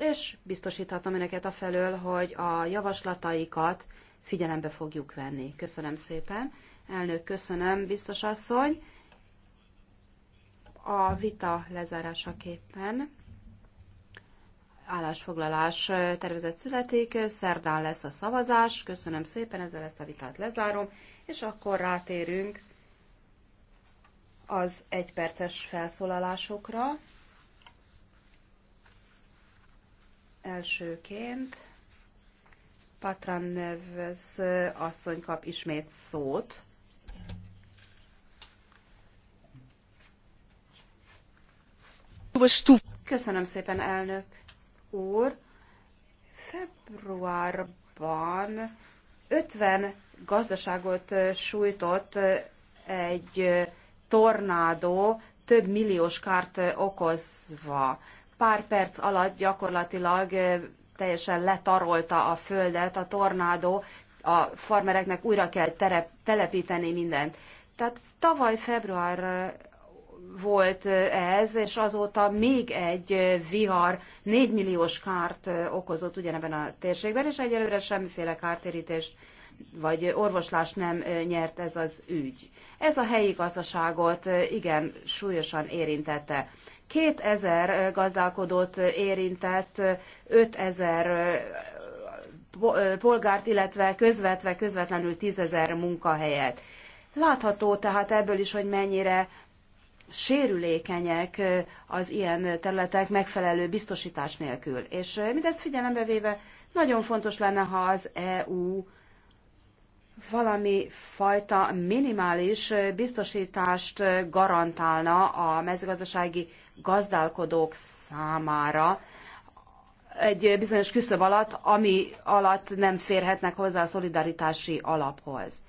és biztosíthatom önöket a felől, hogy a javaslataikat figyelembe fogjuk venni. Köszönöm szépen. Elnök, köszönöm, biztos asszony. A vita lezárásaképpen állásfoglalás tervezet születik, szerdán lesz a szavazás. Köszönöm szépen, ezzel ezt a vitát lezárom, és akkor rátérünk az egyperces felszólalásokra. Elsőként Patran nevez asszony kap ismét szót. Köszönöm szépen, elnök úr. Februárban 50 gazdaságot sújtott egy tornádó, több milliós kárt okozva pár perc alatt gyakorlatilag teljesen letarolta a földet a tornádó, a farmereknek újra kell terep, telepíteni mindent. Tehát tavaly február volt ez, és azóta még egy vihar 4 milliós kárt okozott ugyanebben a térségben, és egyelőre semmiféle kártérítést vagy orvoslást nem nyert ez az ügy. Ez a helyi gazdaságot igen súlyosan érintette. 2000 gazdálkodót érintett, 5000 polgárt, illetve közvetve közvetlenül 10.000 munkahelyet. Látható tehát ebből is, hogy mennyire sérülékenyek az ilyen területek megfelelő biztosítás nélkül. És mindezt figyelembe véve nagyon fontos lenne, ha az EU valami fajta minimális biztosítást garantálna a mezőgazdasági gazdálkodók számára egy bizonyos küszöb alatt, ami alatt nem férhetnek hozzá a szolidaritási alaphoz.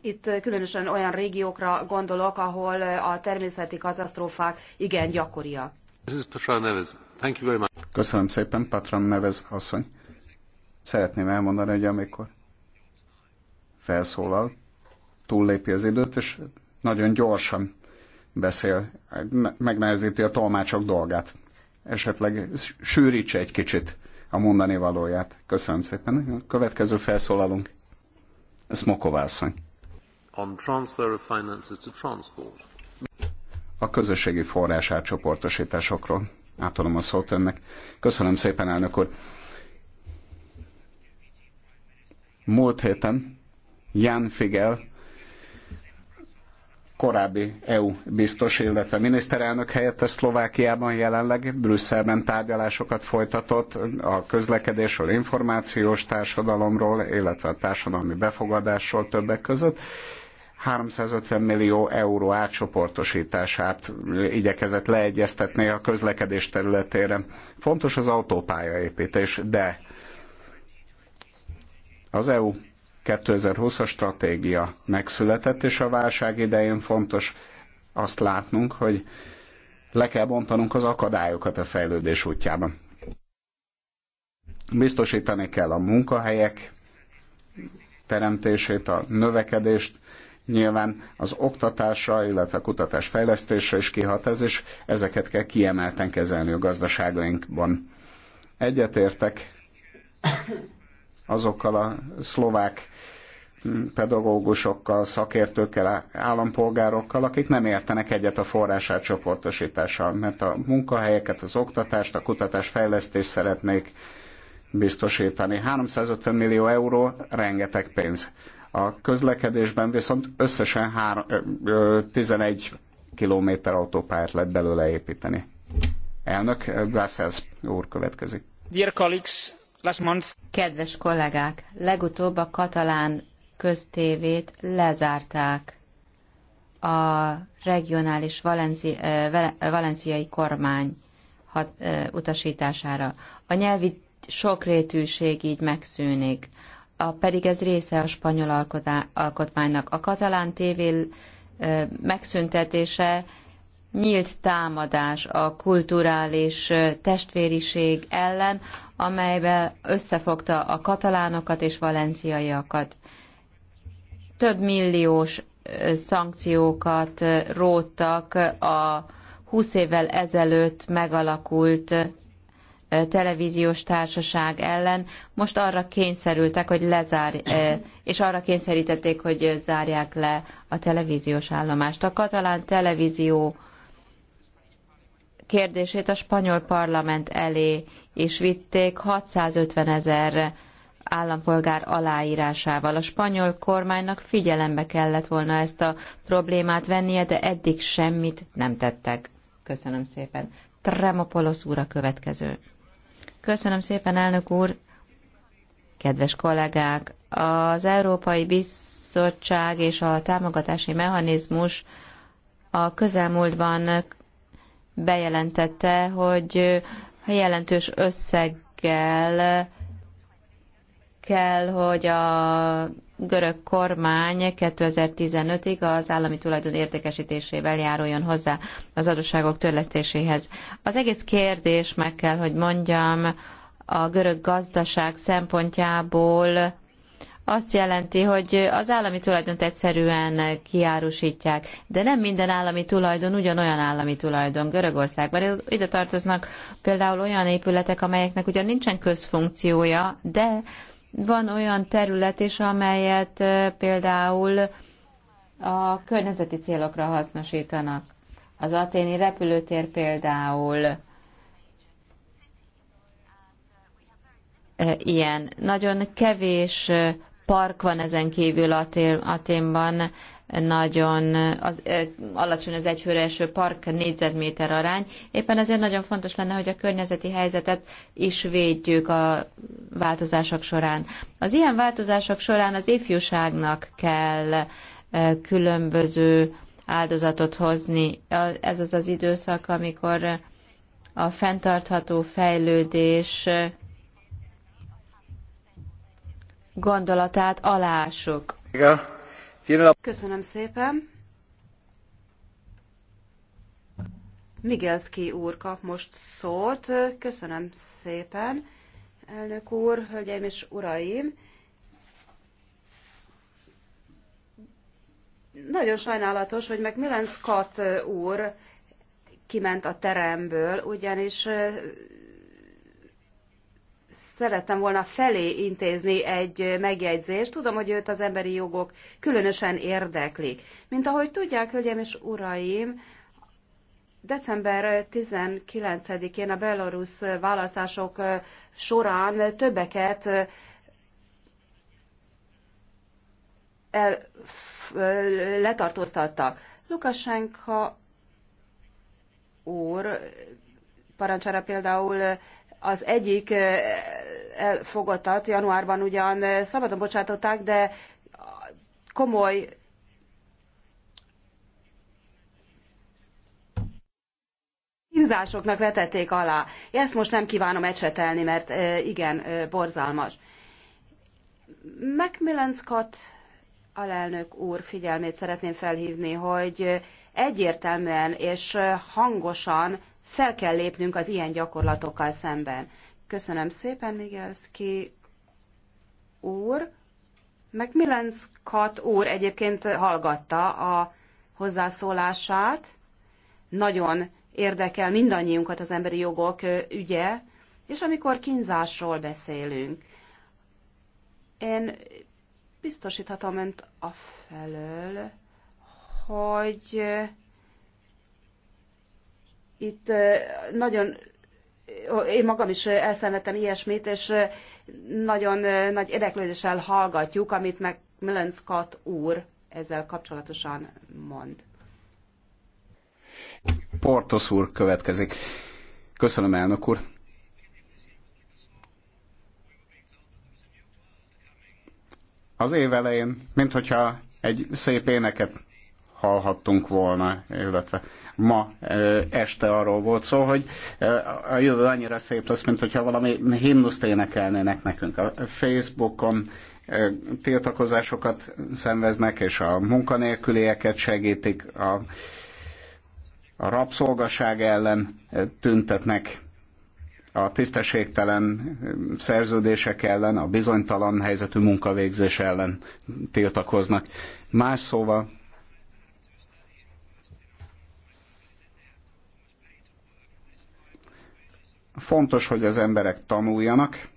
Itt különösen olyan régiókra gondolok, ahol a természeti katasztrófák igen gyakoriak. Köszönöm szépen, Patron Nevez asszony. Szeretném elmondani, hogy amikor felszólal, túllépi az időt, és nagyon gyorsan beszél, megnehezíti a tolmácsok dolgát. Esetleg sűrítse egy kicsit a mondani valóját. Köszönöm szépen. A következő felszólalunk. Smokovászony. On transfer of finances to transport. A közösségi forrás átcsoportosításokról. Átadom a szót önnek. Köszönöm szépen, elnök úr. Múlt héten Jan Figel korábbi EU biztos, illetve miniszterelnök helyette Szlovákiában jelenleg Brüsszelben tárgyalásokat folytatott a közlekedésről, információs társadalomról, illetve a társadalmi befogadásról többek között. 350 millió euró átcsoportosítását igyekezett leegyeztetni a közlekedés területére. Fontos az autópályaépítés, de az EU 2020-as stratégia megszületett, és a válság idején fontos azt látnunk, hogy le kell bontanunk az akadályokat a fejlődés útjában. Biztosítani kell a munkahelyek teremtését, a növekedést, nyilván az oktatásra, illetve a kutatás fejlesztésre is kihat ez, és ezeket kell kiemelten kezelni a gazdaságainkban. Egyetértek azokkal a szlovák pedagógusokkal, szakértőkkel, állampolgárokkal, akik nem értenek egyet a forrását csoportosítással, mert a munkahelyeket, az oktatást, a kutatás fejlesztést szeretnék biztosítani. 350 millió euró rengeteg pénz. A közlekedésben viszont összesen 11 kilométer autópályát lehet belőle építeni. Elnök Brussels úr következik. Dear colleagues, Kedves kollégák, legutóbb a katalán köztévét lezárták a regionális valenci, valenciai kormány hat, utasítására. A nyelvi sokrétűség így megszűnik, a, pedig ez része a spanyol alkotmánynak. A katalán tévé megszüntetése nyílt támadás a kulturális testvériség ellen, amelyben összefogta a katalánokat és valenciaiakat. Több milliós szankciókat róttak a 20 évvel ezelőtt megalakult televíziós társaság ellen, most arra kényszerültek, hogy lezár, és arra kényszerítették, hogy zárják le a televíziós állomást. A katalán televízió kérdését a spanyol parlament elé és vitték 650 ezer állampolgár aláírásával. A spanyol kormánynak figyelembe kellett volna ezt a problémát vennie, de eddig semmit nem tettek. Köszönöm szépen. Tremopolosz úr a következő. Köszönöm szépen, elnök úr. Kedves kollégák, az Európai Bizottság és a támogatási mechanizmus a közelmúltban bejelentette, hogy jelentős összeggel kell, hogy a görög kormány 2015-ig az állami tulajdon értékesítésével járuljon hozzá az adósságok törlesztéséhez. Az egész kérdés, meg kell, hogy mondjam, a görög gazdaság szempontjából azt jelenti, hogy az állami tulajdont egyszerűen kiárusítják, de nem minden állami tulajdon ugyanolyan állami tulajdon Görögországban. Ide tartoznak például olyan épületek, amelyeknek ugyan nincsen közfunkciója, de van olyan terület is, amelyet például a környezeti célokra hasznosítanak. Az aténi repülőtér például ilyen. Nagyon kevés park van ezen kívül Aténban, nagyon az, alacsony az egyfőre eső park négyzetméter arány. Éppen ezért nagyon fontos lenne, hogy a környezeti helyzetet is védjük a változások során. Az ilyen változások során az ifjúságnak kell különböző áldozatot hozni. Ez az az időszak, amikor a fenntartható fejlődés gondolatát alássuk. Köszönöm szépen. Migelszki úr kap most szót. Köszönöm szépen, elnök úr, hölgyeim és uraim. Nagyon sajnálatos, hogy meg Milenszkat úr kiment a teremből, ugyanis szerettem volna felé intézni egy megjegyzést. Tudom, hogy őt az emberi jogok különösen érdeklik. Mint ahogy tudják, hölgyeim és uraim, december 19-én a belorusz választások során többeket el, letartóztattak. Lukasenka úr parancsára például az egyik eh, elfogadtat januárban ugyan eh, szabadon bocsátották, de komoly kínzásoknak vetették alá. Ezt most nem kívánom ecsetelni, mert eh, igen, borzalmas. Macmillan Scott alelnök úr figyelmét szeretném felhívni, hogy egyértelműen és hangosan fel kell lépnünk az ilyen gyakorlatokkal szemben. Köszönöm szépen, Migelszki úr. Meg Milenszkat úr egyébként hallgatta a hozzászólását. Nagyon érdekel mindannyiunkat az emberi jogok ügye, és amikor kínzásról beszélünk, én biztosíthatom önt a felől, hogy itt nagyon, én magam is elszenvedtem ilyesmit, és nagyon nagy érdeklődéssel hallgatjuk, amit meg Millen Scott úr ezzel kapcsolatosan mond. Portos úr következik. Köszönöm, elnök úr. Az év elején, hogyha egy szép éneket hallhattunk volna, illetve ma e, este arról volt szó, hogy e, a jövő annyira szép lesz, mint hogyha valami himnuszt énekelnének nekünk. A Facebookon e, tiltakozásokat szenveznek, és a munkanélkülieket segítik, a, a rabszolgaság ellen tüntetnek, a tisztességtelen szerződések ellen, a bizonytalan helyzetű munkavégzés ellen tiltakoznak. Más szóval Fontos, hogy az emberek tanuljanak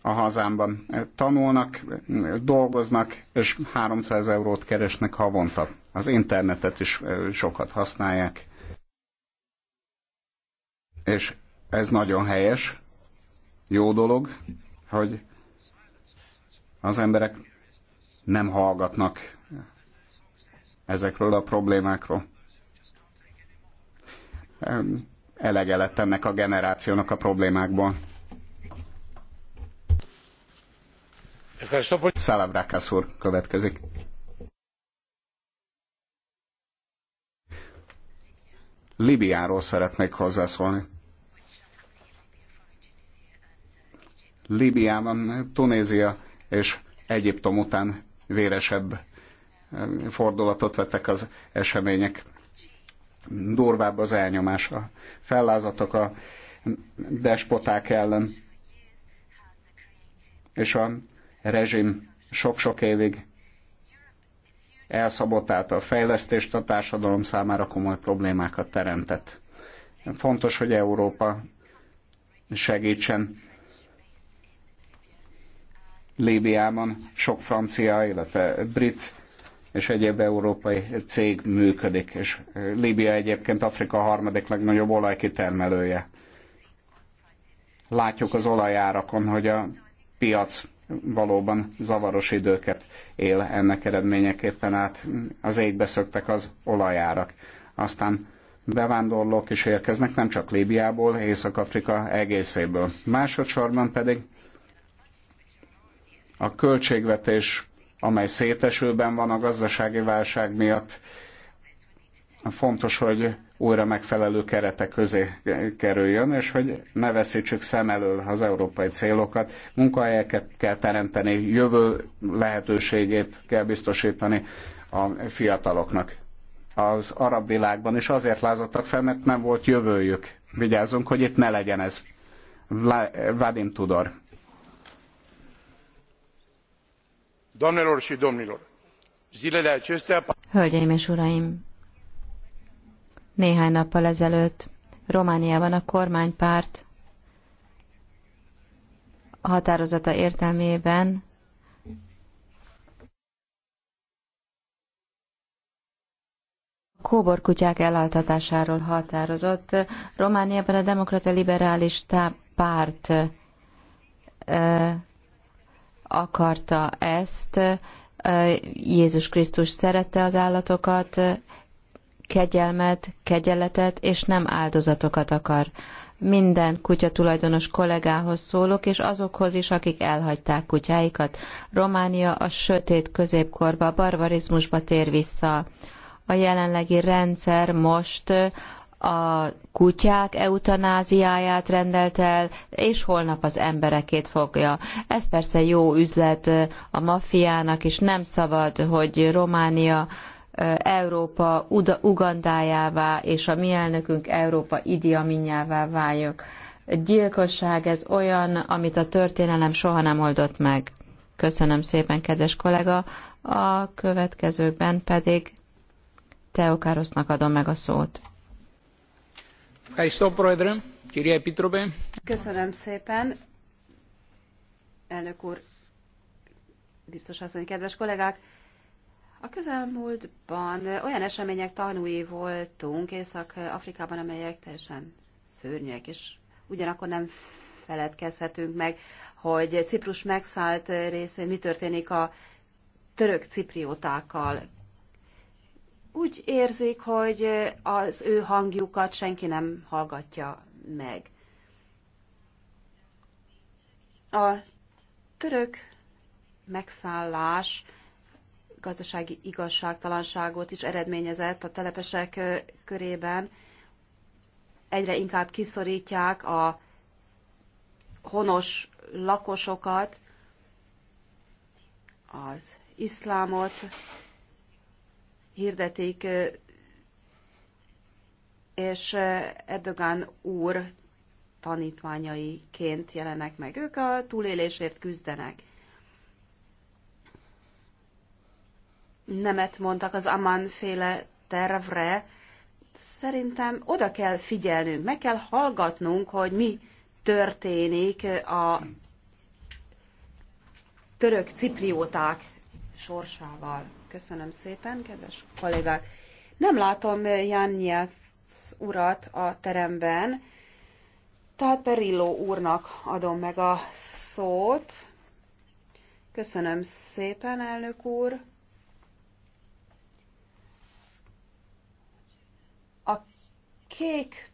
a hazámban. Tanulnak, dolgoznak, és 300 eurót keresnek havonta. Az internetet is sokat használják. És ez nagyon helyes, jó dolog, hogy az emberek nem hallgatnak ezekről a problémákról elege lett ennek a generációnak a problémákból. Szalavrákász úr következik. Libiáról szeretnék hozzászólni. Libiában Tunézia és Egyiptom után véresebb eh, fordulatot vettek az események durvább az elnyomás, a fellázatok a despoták ellen, és a rezsim sok-sok évig elszabotálta a fejlesztést, a társadalom számára komoly problémákat teremtett. Fontos, hogy Európa segítsen Líbiában sok francia, illetve brit és egyéb európai cég működik, és Líbia egyébként Afrika harmadik legnagyobb olajkitermelője. Látjuk az olajárakon, hogy a piac valóban zavaros időket él ennek eredményeképpen át. Az égbe szöktek az olajárak. Aztán bevándorlók is érkeznek, nem csak Líbiából, Észak-Afrika egészéből. Másodszorban pedig a költségvetés amely szétesőben van a gazdasági válság miatt. Fontos, hogy újra megfelelő keretek közé kerüljön, és hogy ne veszítsük szem elől az európai célokat. Munkahelyeket kell teremteni, jövő lehetőségét kell biztosítani a fiataloknak. Az arab világban is azért lázadtak fel, mert nem volt jövőjük. Vigyázzunk, hogy itt ne legyen ez. Vadim Tudor. Doamnelor și domnilor, zilele acestea... Hölgyeim és uraim! Néhány nappal ezelőtt Romániában a kormánypárt határozata értelmében kóborkutyák elaltatásáról határozott. Romániában a Demokrata Liberális Párt akarta ezt, Jézus Krisztus szerette az állatokat, kegyelmet, kegyeletet, és nem áldozatokat akar. Minden kutya tulajdonos kollégához szólok, és azokhoz is, akik elhagyták kutyáikat. Románia a sötét középkorba, a barbarizmusba tér vissza. A jelenlegi rendszer most a kutyák eutanáziáját rendelt el, és holnap az emberekét fogja. Ez persze jó üzlet a maffiának, és nem szabad, hogy Románia Európa Ugandájává és a mi elnökünk Európa Idi Aminjává váljuk. Gyilkosság ez olyan, amit a történelem soha nem oldott meg. Köszönöm szépen, kedves kollega. A következőkben pedig Teokárosznak adom meg a szót. Köszönöm szépen. A közelmúltban olyan események tanúi voltunk Észak-Afrikában, amelyek teljesen szörnyűek, és ugyanakkor nem feledkezhetünk meg, hogy Ciprus megszállt részén mi történik a török cipriótákkal úgy érzik, hogy az ő hangjukat senki nem hallgatja meg. A török megszállás gazdasági igazságtalanságot is eredményezett a telepesek körében. Egyre inkább kiszorítják a honos lakosokat, az iszlámot, hirdetik, és Erdogan úr tanítványaiként jelenek meg. Ők a túlélésért küzdenek. Nemet mondtak az Aman féle tervre. Szerintem oda kell figyelnünk, meg kell hallgatnunk, hogy mi történik a török ciprióták sorsával. Köszönöm szépen, kedves kollégák. Nem látom eh, Jan Nyelc urat a teremben, tehát Perilló úrnak adom meg a szót. Köszönöm szépen, elnök úr. A kék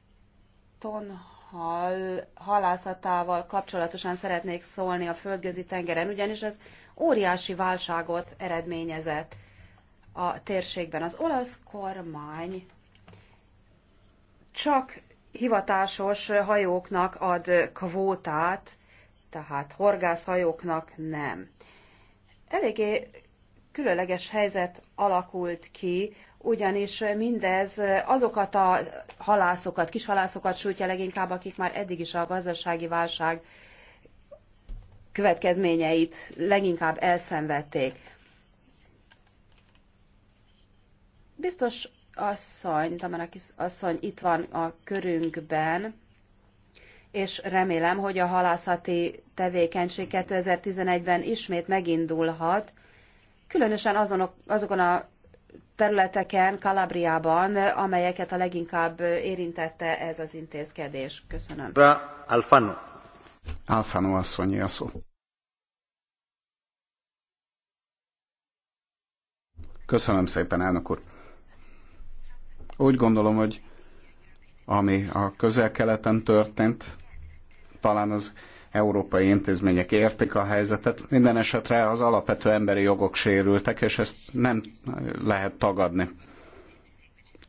tonhal halászatával kapcsolatosan szeretnék szólni a földközi tengeren, ugyanis ez óriási válságot eredményezett a térségben. Az olasz kormány csak hivatásos hajóknak ad kvótát, tehát horgászhajóknak nem. Eléggé különleges helyzet alakult ki, ugyanis mindez azokat a halászokat, kishalászokat sújtja leginkább, akik már eddig is a gazdasági válság következményeit leginkább elszenvedték. Biztos asszony, Tamarakis asszony itt van a körünkben, és remélem, hogy a halászati tevékenység 2011-ben ismét megindulhat, különösen azonok, azokon a területeken, Kalabriában, amelyeket a leginkább érintette ez az intézkedés. Köszönöm. Alfano. Alfano asszony, a szó. Köszönöm szépen, elnök úr. Úgy gondolom, hogy ami a közel-keleten történt, talán az európai intézmények értik a helyzetet. Minden esetre az alapvető emberi jogok sérültek, és ezt nem lehet tagadni.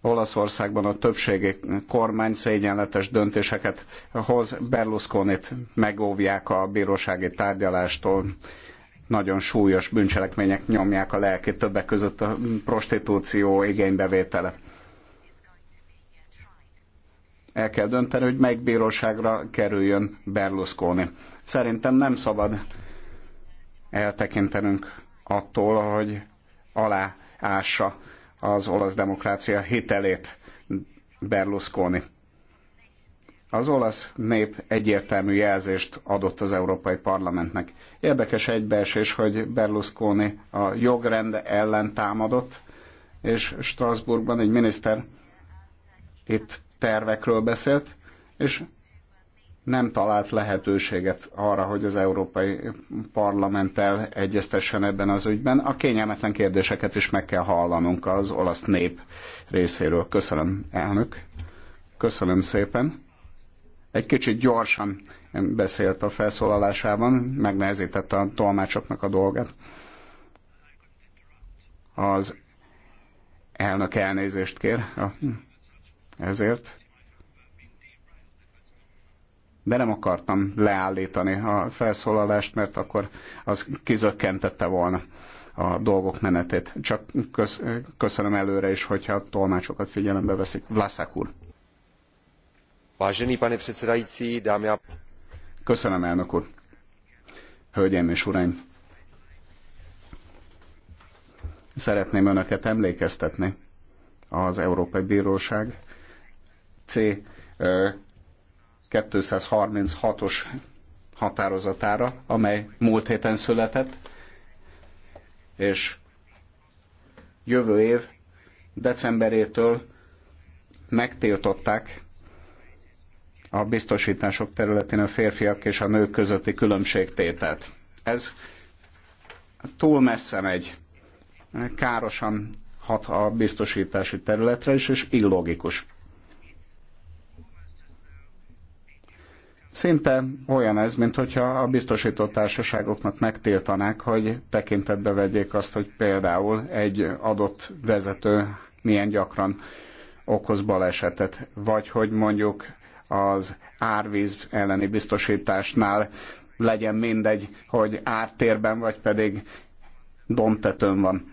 Olaszországban a többségi kormány szégyenletes döntéseket hoz, Berlusconit megóvják a bírósági tárgyalástól, nagyon súlyos bűncselekmények nyomják a lelkét, többek között a prostitúció igénybevétele el kell dönteni, hogy melyik bíróságra kerüljön Berlusconi. Szerintem nem szabad eltekintenünk attól, hogy aláássa az olasz demokrácia hitelét Berlusconi. Az olasz nép egyértelmű jelzést adott az Európai Parlamentnek. Érdekes egybeesés, hogy Berlusconi a jogrend ellen támadott, és Strasbourgban egy miniszter itt tervekről beszélt, és nem talált lehetőséget arra, hogy az Európai Parlamenttel egyeztessen ebben az ügyben. A kényelmetlen kérdéseket is meg kell hallanunk az olasz nép részéről. Köszönöm, elnök. Köszönöm szépen. Egy kicsit gyorsan beszélt a felszólalásában, megnehezítette a tolmácsoknak a dolgát. Az elnök elnézést kér. A ezért de nem akartam leállítani a felszólalást, mert akkor az kizökkentette volna a dolgok menetét. Csak köszönöm előre is, hogyha a tolmácsokat figyelembe veszik. Vlaszák úr. Vážený pane předsedající, dámy a... Köszönöm, elnök úr. Hölgyeim és uraim. Szeretném önöket emlékeztetni az Európai Bíróság C 236-os határozatára, amely múlt héten született, és jövő év decemberétől megtiltották a biztosítások területén a férfiak és a nők közötti különbségtételt. Ez túl messze megy, károsan hat a biztosítási területre is, és illogikus. Szinte olyan ez, mint hogyha a biztosító társaságoknak megtiltanák, hogy tekintetbe vegyék azt, hogy például egy adott vezető milyen gyakran okoz balesetet, vagy hogy mondjuk az árvíz elleni biztosításnál legyen mindegy, hogy ártérben vagy pedig domtetőn van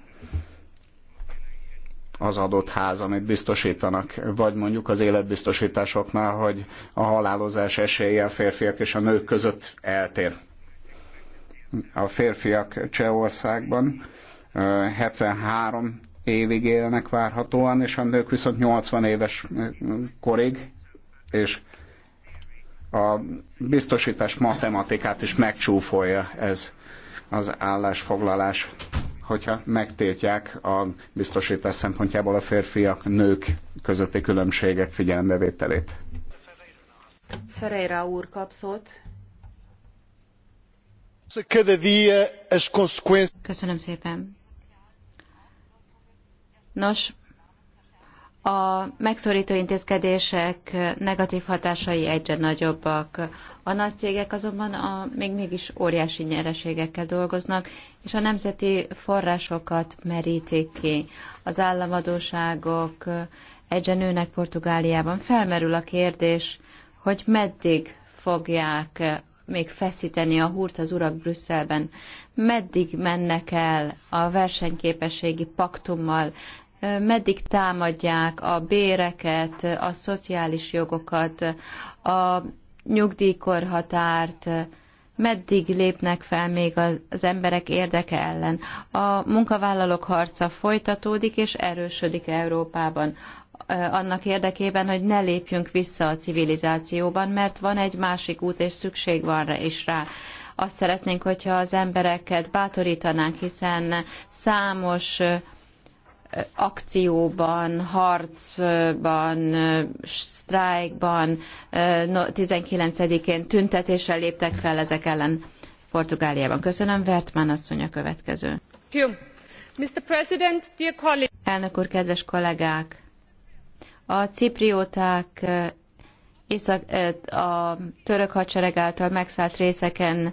az adott ház, amit biztosítanak, vagy mondjuk az életbiztosításoknál, hogy a halálozás esélye a férfiak és a nők között eltér. A férfiak Csehországban 73 évig élnek várhatóan, és a nők viszont 80 éves korig, és a biztosítás matematikát is megcsúfolja ez az állásfoglalás hogyha megtiltják a biztosítás szempontjából a férfiak, nők közötti különbségek figyelembevételét. Ferreira úr kapszott. Köszönöm szépen. Nos, a megszorító intézkedések negatív hatásai egyre nagyobbak. A nagy cégek azonban a, még mégis óriási nyereségekkel dolgoznak, és a nemzeti forrásokat merítik ki. Az államadóságok egyre nőnek Portugáliában. Felmerül a kérdés, hogy meddig fogják még feszíteni a húrt az urak Brüsszelben, meddig mennek el a versenyképességi paktummal, meddig támadják a béreket, a szociális jogokat, a nyugdíjkorhatárt, meddig lépnek fel még az emberek érdeke ellen. A munkavállalók harca folytatódik és erősödik Európában annak érdekében, hogy ne lépjünk vissza a civilizációban, mert van egy másik út, és szükség van rá is rá. Azt szeretnénk, hogyha az embereket bátorítanánk, hiszen számos akcióban, harcban, sztrájkban 19-én tüntetéssel léptek fel ezek ellen Portugáliában. Köszönöm, Vertmán asszony a következő. Mr. President, dear Elnök úr, kedves kollégák! A ciprióták észak, a török hadsereg által megszállt részeken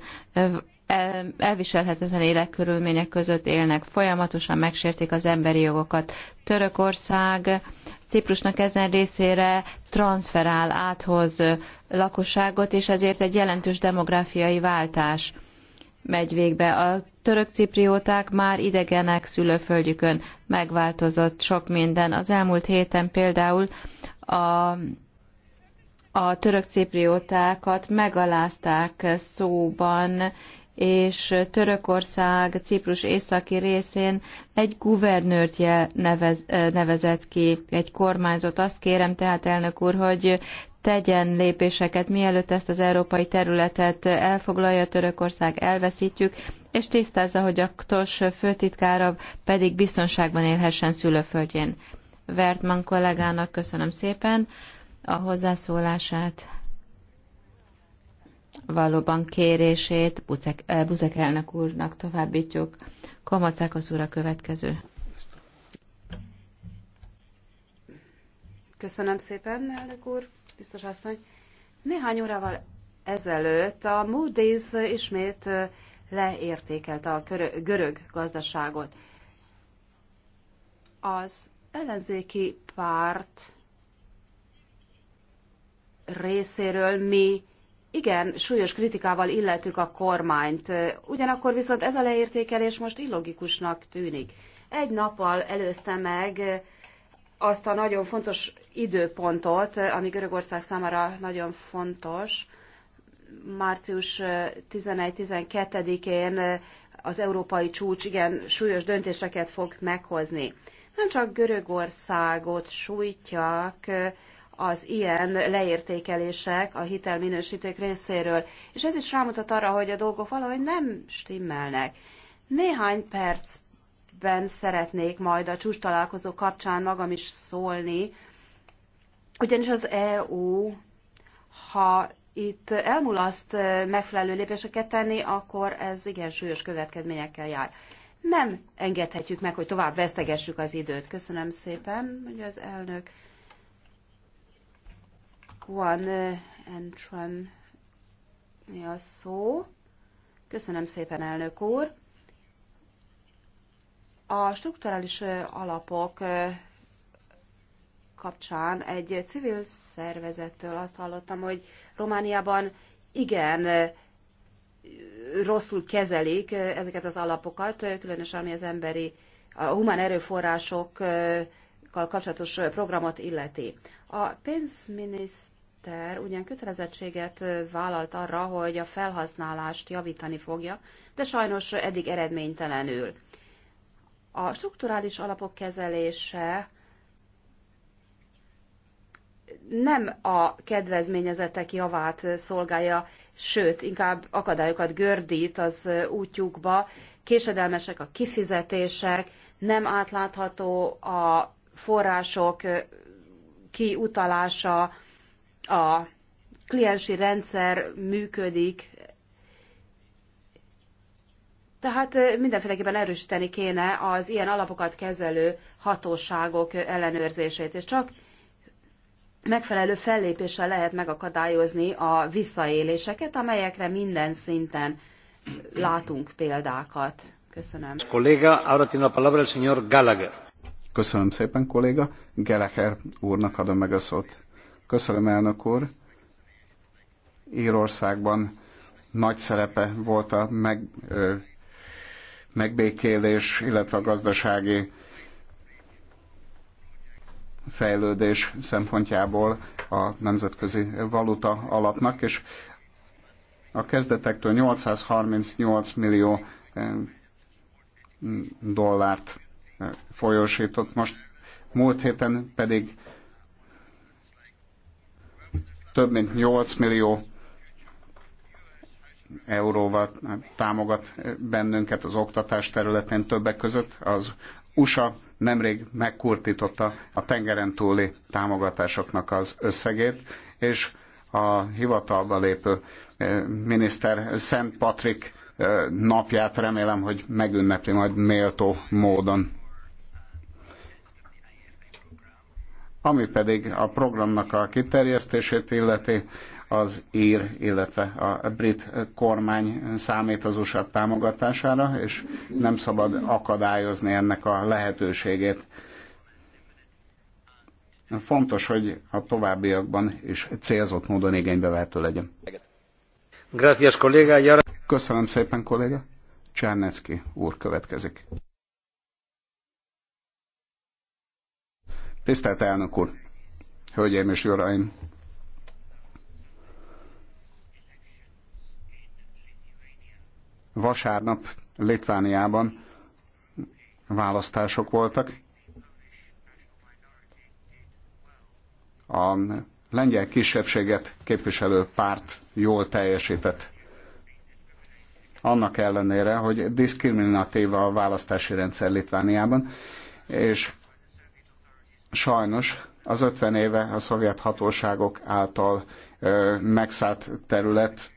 elviselhetetlen életkörülmények között élnek, folyamatosan megsértik az emberi jogokat. Törökország Ciprusnak ezen részére transferál, áthoz lakosságot, és ezért egy jelentős demográfiai váltás megy végbe. A török ciprióták már idegenek szülőföldjükön megváltozott sok minden. Az elmúlt héten például a a török cipriótákat megalázták szóban és Törökország, Ciprus északi részén egy guvernőrt nevez, nevezett ki, egy kormányzót. Azt kérem tehát, elnök úr, hogy tegyen lépéseket, mielőtt ezt az európai területet elfoglalja Törökország, elveszítjük, és tisztázza, hogy a KTOS főtitkára pedig biztonságban élhessen szülőföldjén. Vertman kollégának köszönöm szépen a hozzászólását valóban kérését Buzek, eh, Buzek elnök úrnak továbbítjuk. Komacák az úr a következő. Köszönöm szépen, elnök úr, biztos asszony. Néhány órával ezelőtt a Moody's ismét eh, leértékelte a görög gazdaságot. Az ellenzéki párt részéről mi igen, súlyos kritikával illetük a kormányt, ugyanakkor viszont ez a leértékelés most illogikusnak tűnik. Egy nappal előzte meg azt a nagyon fontos időpontot, ami Görögország számára nagyon fontos, március 11-12-én az európai csúcs igen súlyos döntéseket fog meghozni. Nem csak Görögországot sújtják, az ilyen leértékelések a hitelminősítők részéről. És ez is rámutat arra, hogy a dolgok valahogy nem stimmelnek. Néhány percben szeretnék majd a csúcs találkozó kapcsán magam is szólni, ugyanis az EU, ha itt elmulaszt megfelelő lépéseket tenni, akkor ez igen súlyos következményekkel jár. Nem engedhetjük meg, hogy tovább vesztegessük az időt. Köszönöm szépen, hogy az elnök. Guan and mi a szó. Köszönöm szépen, elnök úr. A strukturális alapok kapcsán egy civil szervezettől azt hallottam, hogy Romániában igen rosszul kezelik ezeket az alapokat, különösen ami az emberi, a humán erőforrásokkal kapcsolatos programot illeti. A pénzminiszter miniszter ugyan kötelezettséget vállalt arra, hogy a felhasználást javítani fogja, de sajnos eddig eredménytelenül. A strukturális alapok kezelése nem a kedvezményezettek javát szolgálja, sőt, inkább akadályokat gördít az útjukba, késedelmesek a kifizetések, nem átlátható a források kiutalása, a kliensi rendszer működik, tehát mindenféleképpen erősíteni kéne az ilyen alapokat kezelő hatóságok ellenőrzését, és csak megfelelő fellépéssel lehet megakadályozni a visszaéléseket, amelyekre minden szinten látunk példákat. Köszönöm. Kolléga, ahora tiene la palabra el señor Gallagher. Köszönöm szépen, kolléga. Gallagher úrnak adom meg a szót. Köszönöm, elnök úr. Írországban nagy szerepe volt a meg, ö, megbékélés, illetve a gazdasági fejlődés szempontjából a Nemzetközi Valuta Alapnak, és a kezdetektől 838 millió dollárt folyósított. Most múlt héten pedig több mint 8 millió euróval támogat bennünket az oktatás területén többek között. Az USA nemrég megkurtította a tengeren túli támogatásoknak az összegét, és a hivatalba lépő eh, miniszter Szent Patrik eh, napját remélem, hogy megünnepli majd méltó módon. Ami pedig a programnak a kiterjesztését illeti, az ír, illetve a brit kormány számít az USA támogatására, és nem szabad akadályozni ennek a lehetőségét. Fontos, hogy a továbbiakban is célzott módon igénybe vehető legyen. Köszönöm szépen, kolléga. Csernecki úr következik. Tisztelt elnök úr, hölgyeim és uraim! Vasárnap Litvániában választások voltak. A lengyel kisebbséget képviselő párt jól teljesített. Annak ellenére, hogy diszkriminatív a választási rendszer Litvániában, és sajnos az 50 éve a szovjet hatóságok által megszállt terület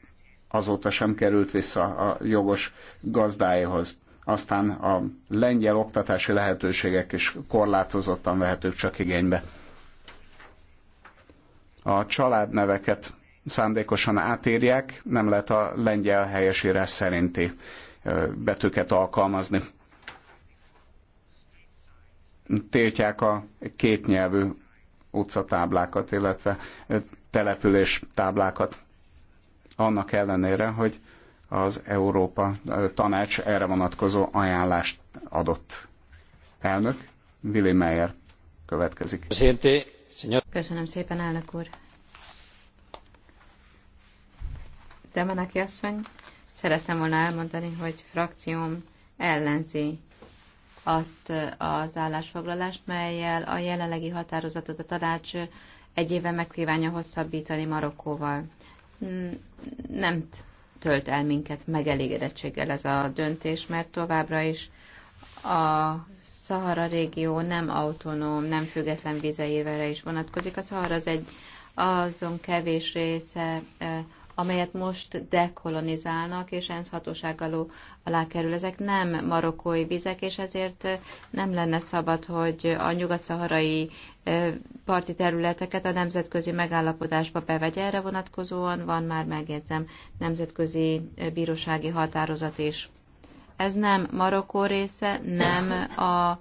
azóta sem került vissza a jogos gazdáihoz. Aztán a lengyel oktatási lehetőségek is korlátozottan vehetők csak igénybe. A családneveket szándékosan átírják, nem lehet a lengyel helyesírás szerinti betűket alkalmazni tiltják a kétnyelvű utcatáblákat, illetve település táblákat. Annak ellenére, hogy az Európa Tanács erre vonatkozó ajánlást adott. Elnök, Willy Meyer következik. Köszönöm szépen, elnök úr. Demenaki asszony, szeretem volna elmondani, hogy frakcióm ellenzi azt az állásfoglalást, melyel a jelenlegi határozatot a tanács egy éve megkívánja hosszabbítani Marokkóval. Nem tölt el minket megelégedettséggel ez a döntés, mert továbbra is a Szahara régió nem autonóm, nem független vizeírvere is vonatkozik. A Szahara az egy azon kevés része amelyet most dekolonizálnak, és ENSZ hatóság alá kerül. Ezek nem marokkói vizek, és ezért eh, nem lenne szabad, hogy a nyugat-szaharai eh, parti területeket a nemzetközi megállapodásba bevegye. Erre vonatkozóan van már, megjegyzem, nemzetközi eh, bírósági határozat is. Ez nem Marokkó része, nem a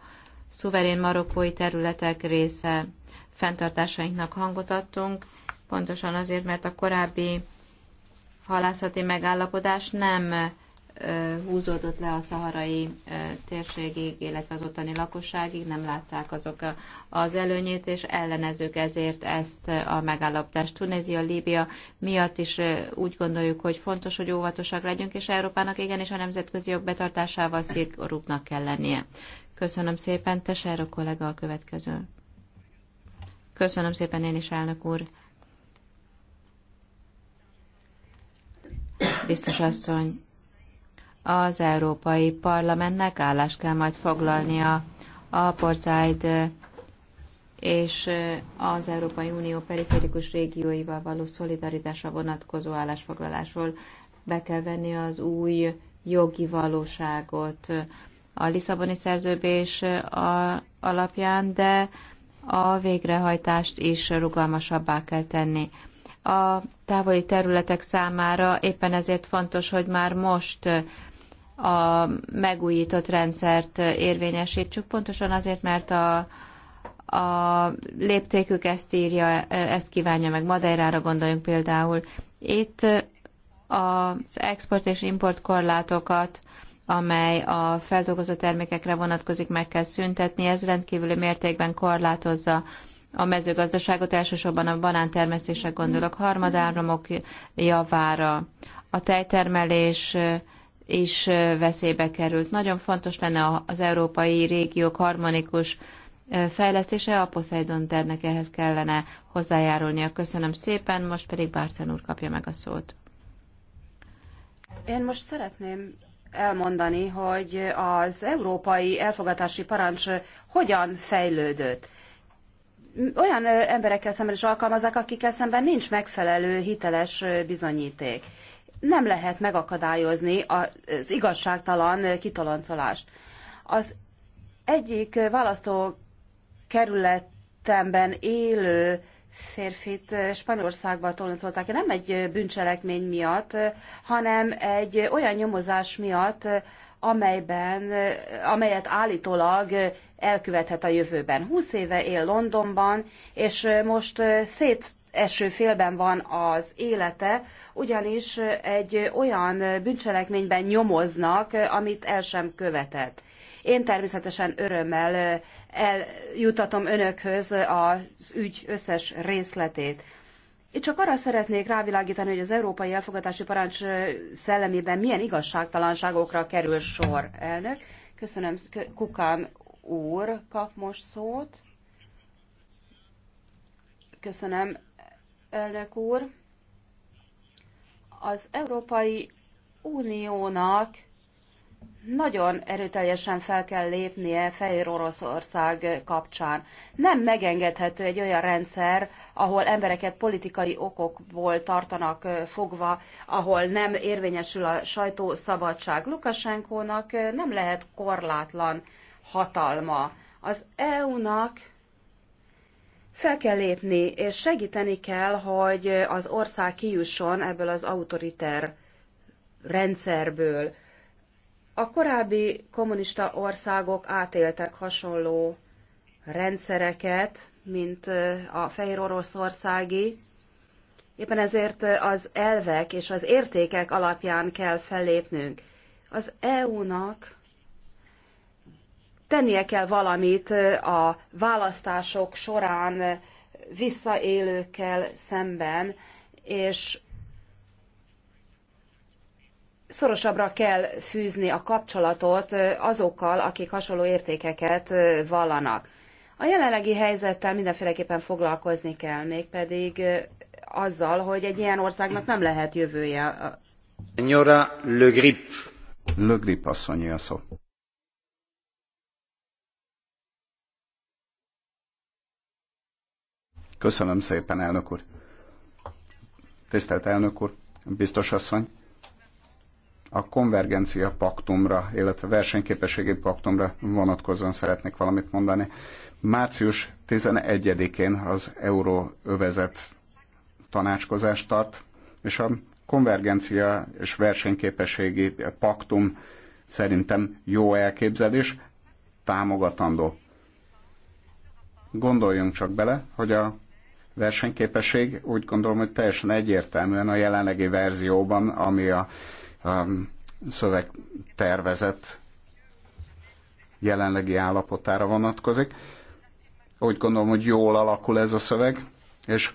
szuverén marokkói területek része. fenntartásainknak hangot adtunk, pontosan azért, mert a korábbi halászati megállapodás nem húzódott le a szaharai térségig, illetve az ottani lakosságig, nem látták azok az előnyét, és ellenezők ezért ezt a megállapodást. Tunézia, Líbia miatt is úgy gondoljuk, hogy fontos, hogy óvatosak legyünk, és Európának igenis a nemzetközi jog betartásával szigorúbbnak kell lennie. Köszönöm szépen, Tesero kollega a következő. Köszönöm szépen én is, elnök úr. biztos asszony, az Európai Parlamentnek állást kell majd foglalnia a porcáid és az Európai Unió periférikus régióival való szolidaritásra vonatkozó állásfoglalásról be kell venni az új jogi valóságot a Lisszaboni szerződés alapján, de a végrehajtást is rugalmasabbá kell tenni a távoli területek számára. Éppen ezért fontos, hogy már most a megújított rendszert érvényesítsük, pontosan azért, mert a, a léptékük ezt írja, ezt kívánja meg Madeirára gondoljunk például. Itt az export és import korlátokat amely a feldolgozott termékekre vonatkozik, meg kell szüntetni. Ez rendkívüli mértékben korlátozza a mezőgazdaságot, elsősorban a banántermesztések gondolok, harmadáramok javára. A tejtermelés is veszélybe került. Nagyon fontos lenne az európai régiók harmonikus fejlesztése, a Poseidon ternek ehhez kellene hozzájárulnia. Köszönöm szépen, most pedig Bárten úr kapja meg a szót. Én most szeretném elmondani, hogy az európai elfogadási parancs hogyan fejlődött olyan emberekkel szemben is alkalmazzák, akikkel szemben nincs megfelelő hiteles bizonyíték. Nem lehet megakadályozni az igazságtalan kitoloncolást. Az egyik választó kerületemben élő férfit Spanyolországba tolontolták, Nem egy bűncselekmény miatt, hanem egy olyan nyomozás miatt, amelyben, amelyet állítólag elkövethet a jövőben. 20 éve él Londonban, és most széteső félben van az élete, ugyanis egy olyan bűncselekményben nyomoznak, amit el sem követett. Én természetesen örömmel eljutatom önökhöz az ügy összes részletét. Itt csak arra szeretnék rávilágítani, hogy az európai elfogadási parancs szellemében milyen igazságtalanságokra kerül sor, elnök. Köszönöm, Kukán úr kap most szót. Köszönöm, elnök úr. Az Európai Uniónak nagyon erőteljesen fel kell lépnie Fehér Oroszország kapcsán. Nem megengedhető egy olyan rendszer, ahol embereket politikai okokból tartanak fogva, ahol nem érvényesül a sajtószabadság. Lukasenkónak nem lehet korlátlan hatalma. Az EU-nak fel kell lépni, és segíteni kell, hogy az ország kijusson ebből az autoriter rendszerből. A korábbi kommunista országok átéltek hasonló rendszereket, mint a Fehér Oroszországi. Éppen ezért az elvek és az értékek alapján kell fellépnünk. Az EU-nak tennie kell valamit a választások során visszaélőkkel szemben, és szorosabbra kell fűzni a kapcsolatot azokkal, akik hasonló értékeket vallanak. A jelenlegi helyzettel mindenféleképpen foglalkozni kell, mégpedig azzal, hogy egy ilyen országnak nem lehet jövője. Le Grip. Le Grip asszonyi a szó. Köszönöm szépen, elnök úr. Tisztelt elnök úr, biztos asszony. A konvergencia paktumra, illetve versenyképességi paktumra vonatkozóan szeretnék valamit mondani. Március 11-én az euróövezet tanácskozást tart, és a konvergencia és versenyképességi paktum szerintem jó elképzelés, támogatandó. Gondoljunk csak bele, hogy a versenyképesség úgy gondolom, hogy teljesen egyértelműen a jelenlegi verzióban, ami a, a szövegtervezet jelenlegi állapotára vonatkozik. Úgy gondolom, hogy jól alakul ez a szöveg, és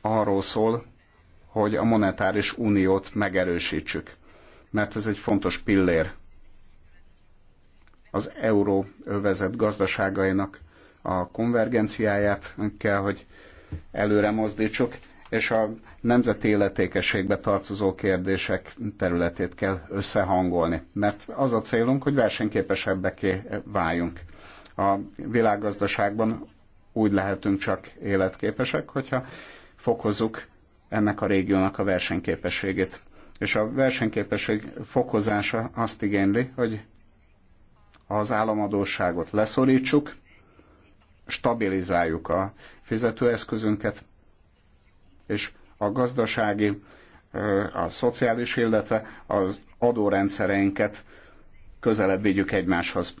arról szól, hogy a monetáris uniót megerősítsük, mert ez egy fontos pillér az euróövezet gazdaságainak a konvergenciáját kell, hogy előre mozdítsuk, és a nemzeti életékességbe tartozó kérdések területét kell összehangolni. Mert az a célunk, hogy versenyképesebbeké váljunk. A világgazdaságban úgy lehetünk csak életképesek, hogyha fokozzuk ennek a régiónak a versenyképességét. És a versenyképesség fokozása azt igényli, hogy az államadóságot leszorítsuk, stabilizáljuk a fizetőeszközünket, és a gazdasági, a szociális, illetve az adórendszereinket közelebb vigyük egymáshoz.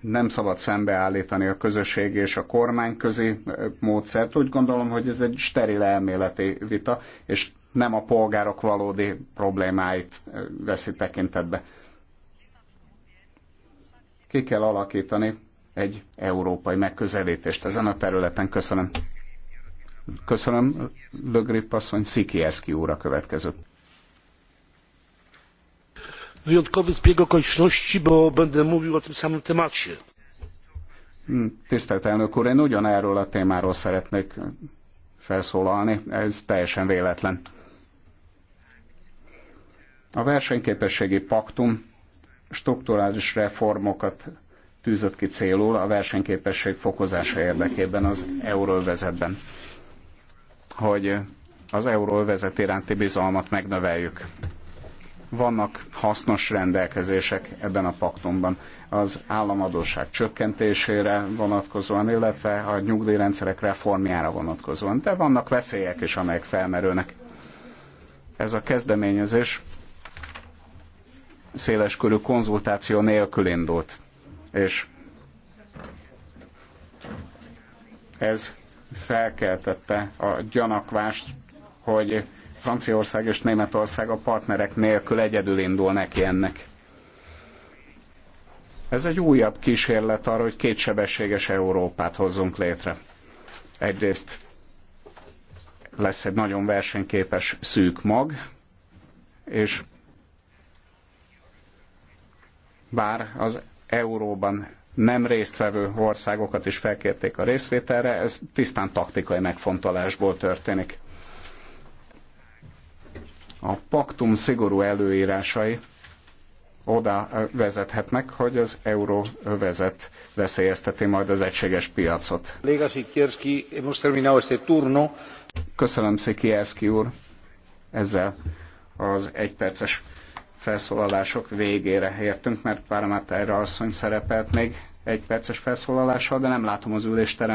Nem szabad szembeállítani a közösség és a kormány közi módszert. Úgy gondolom, hogy ez egy steril elméleti vita, és nem a polgárok valódi problémáit veszi tekintetbe. Ki kell alakítani egy európai megközelítést ezen a területen. Köszönöm. Köszönöm, Lögrip asszony, Szikierszki úr a következő. Wyjątkowy zbieg okoliczności, bo będę mówił o tym samym temacie. Hmm, tisztelt elnök úr, én ugyanerről a témáról szeretnék felszólalni, ez teljesen véletlen. A versenyképességi paktum strukturális reformokat tűzött ki célul a versenyképesség fokozása érdekében az euróvezetben, hogy az euróvezet iránti bizalmat megnöveljük. Vannak hasznos rendelkezések ebben a paktumban az államadóság csökkentésére vonatkozóan, illetve a nyugdíjrendszerek reformjára vonatkozóan, de vannak veszélyek is, amelyek felmerülnek. Ez a kezdeményezés széleskörű konzultáció nélkül indult és ez felkeltette a gyanakvást, hogy Franciaország és Németország a partnerek nélkül egyedül indul neki ennek. Ez egy újabb kísérlet arra, hogy kétsebességes Európát hozzunk létre. Egyrészt lesz egy nagyon versenyképes szűk mag, és bár az euróban nem résztvevő országokat is felkérték a részvételre, ez tisztán taktikai megfontolásból történik. A paktum szigorú előírásai oda vezethetnek, hogy az euróvezet veszélyezteti majd az egységes piacot. Köszönöm, Szikierszki úr, ezzel az egyperces felszólalások végére értünk, mert Páramátájra asszony szerepelt még egy perces felszólalással, de nem látom az ülésterem